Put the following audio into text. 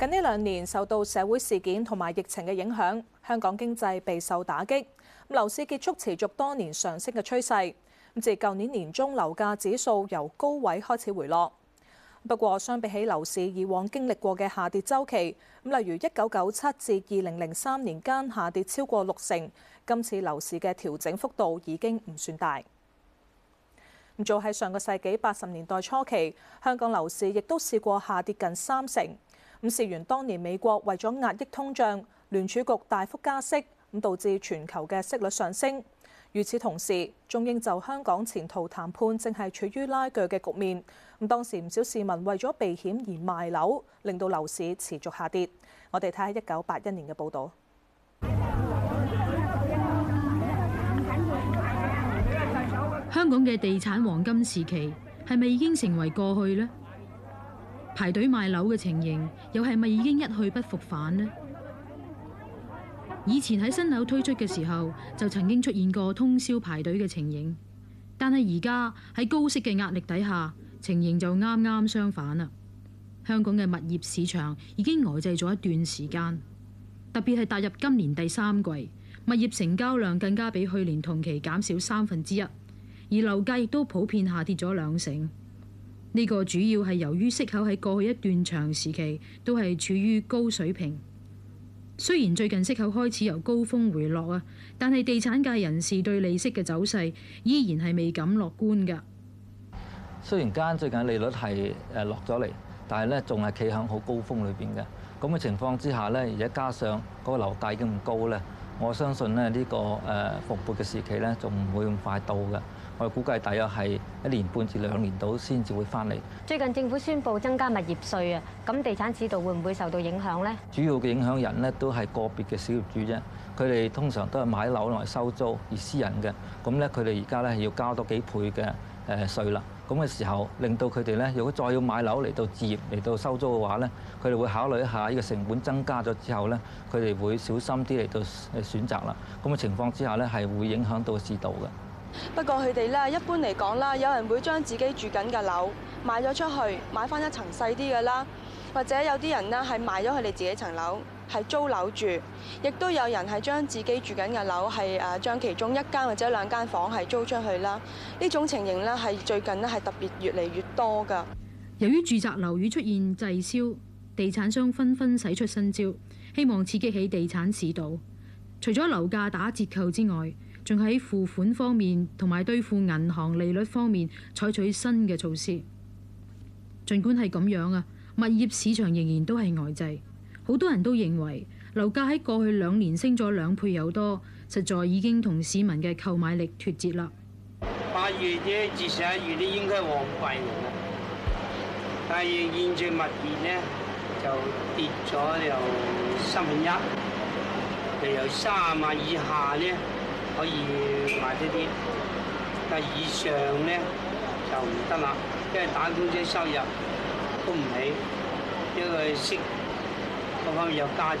近呢兩年受到社會事件同埋疫情嘅影響，香港經濟備受打擊，樓市結束持續多年上升嘅趨勢。自舊年年中樓價指數由高位開始回落，不過相比起樓市以往經歷過嘅下跌周期，咁例如一九九七至二零零三年間下跌超過六成，今次樓市嘅調整幅度已經唔算大。咁早喺上個世紀八十年代初期，香港樓市亦都試過下跌近三成。咁事緣當年美國為咗壓抑通脹，聯儲局大幅加息，咁導致全球嘅息率上升。與此同時，中英就香港前途談判正係處於拉鋸嘅局面。咁當時唔少市民為咗避險而賣樓，令到樓市持續下跌。我哋睇下一九八一年嘅報導。香港嘅地產黃金時期係咪已經成為過去呢？排隊買樓嘅情形，又係咪已經一去不復返呢？以前喺新樓推出嘅時候，就曾經出現過通宵排隊嘅情形，但係而家喺高息嘅壓力底下，情形就啱啱相反啦。香港嘅物業市場已經呆滯咗一段時間，特別係踏入今年第三季，物業成交量更加比去年同期減少三分之一，而樓價亦都普遍下跌咗兩成。呢個主要係由於息口喺過去一段長時期都係處於高水平，雖然最近息口開始由高峰回落啊，但係地產界人士對利息嘅走勢依然係未敢樂觀噶。雖然間最近利率係誒落咗嚟，但係咧仲係企喺好高峰裏邊嘅咁嘅情況之下咧，而家加上個樓價已經咁高咧。我相信咧呢個誒復活嘅時期咧，仲唔會咁快到嘅。我估計大約係一年半至兩年到先至會翻嚟。最近政府宣布增加物業稅啊，咁地產指導會唔會受到影響呢？主要嘅影響人咧都係個別嘅小業主啫，佢哋通常都係買樓來收租而私人嘅，咁咧佢哋而家咧係要交多幾倍嘅。誒稅啦，咁嘅時候令到佢哋咧，如果再要買樓嚟到置業嚟到收租嘅話咧，佢哋會考慮一下呢個成本增加咗之後咧，佢哋會小心啲嚟到選擇啦。咁嘅情況之下咧，係會影響到市道嘅。不過佢哋咧，一般嚟講啦，有人會將自己住緊嘅樓賣咗出去，買翻一層細啲嘅啦，或者有啲人呢係賣咗佢哋自己層樓。係租樓住，亦都有人係將自己住緊嘅樓係誒將其中一間或者兩間房係租出去啦。呢種情形呢，係最近呢係特別越嚟越多㗎。由於住宅樓宇出現滯銷，地產商紛紛使出新招，希望刺激起地產市道。除咗樓價打折扣之外，仲喺付款方面同埋對付銀行利率方面採取新嘅措施。儘管係咁樣啊，物業市場仍然都係呆滯。好多人都認為樓價喺過去兩年升咗兩倍有多，實在已經同市民嘅購買力脱節啦。八月至十一月咧應該旺季嚟啦，但係現住物業咧就跌咗三分一，就由三萬以下咧可以買呢啲，但係以上咧就唔得啦，因為打工者收入都唔起，因為息。嗰方面又加咗。